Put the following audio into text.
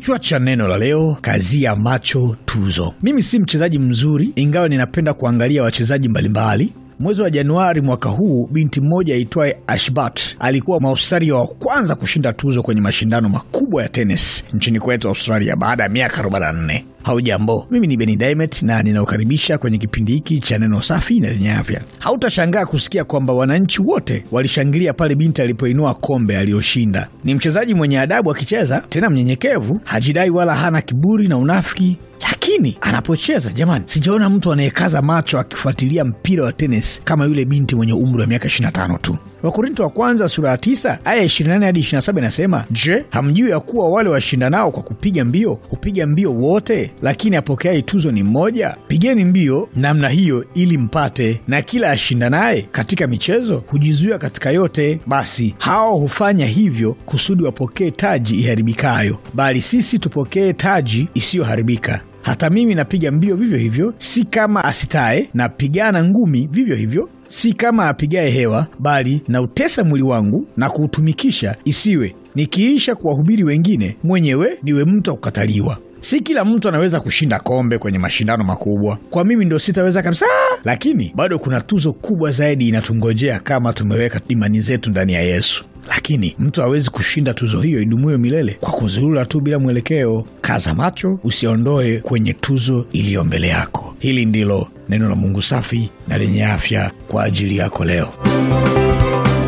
Kichwa cha neno la leo: kazia macho tuzo. Mimi si mchezaji mzuri, ingawa ninapenda kuangalia wachezaji mbalimbali. Mwezi wa Januari mwaka huu, binti mmoja aitwaye Ashbat alikuwa Mwaustralia wa kwanza kushinda tuzo kwenye mashindano makubwa ya tenis nchini kwetu Australia baada ya miaka 44. Haujambo, mimi ni Beni Dimet na ninaokaribisha kwenye kipindi hiki cha neno safi na lenye afya. Hautashangaa kusikia kwamba wananchi wote walishangilia pale binti alipoinua kombe aliyoshinda. Ni mchezaji mwenye adabu, akicheza tena mnyenyekevu, hajidai wala hana kiburi na unafiki lakini anapocheza jamani, sijaona mtu anayekaza macho akifuatilia mpira wa tenis kama yule binti mwenye umri wa miaka 25 tu. Wakorinto wa kwanza sura ya 9 aya 28 hadi 27 inasema, je, hamjui ya kuwa wale washindanao kwa kupiga mbio hupiga mbio wote, lakini apokeaye tuzo ni mmoja? Pigeni mbio namna hiyo ili mpate. Na kila ashindanaye katika michezo hujizuia katika yote. Basi hao hufanya hivyo kusudi wapokee taji iharibikayo, bali sisi tupokee taji isiyoharibika. Hata mimi napiga mbio vivyo hivyo, si kama asitaye, napigana ngumi vivyo hivyo, si kama apigaye hewa, bali nautesa mwili wangu na kuutumikisha, isiwe nikiisha kuwahubiri wengine, mwenyewe niwe mtu wa kukataliwa. Si kila mtu anaweza kushinda kombe kwenye mashindano makubwa. Kwa mimi ndo sitaweza kabisa, lakini bado kuna tuzo kubwa zaidi inatungojea kama tumeweka imani zetu ndani ya Yesu lakini mtu hawezi kushinda tuzo hiyo idumuyo milele kwa kuzurura tu bila mwelekeo. Kaza macho, usiondoe kwenye tuzo iliyo mbele yako. Hili ndilo neno la Mungu safi na lenye afya kwa ajili yako leo.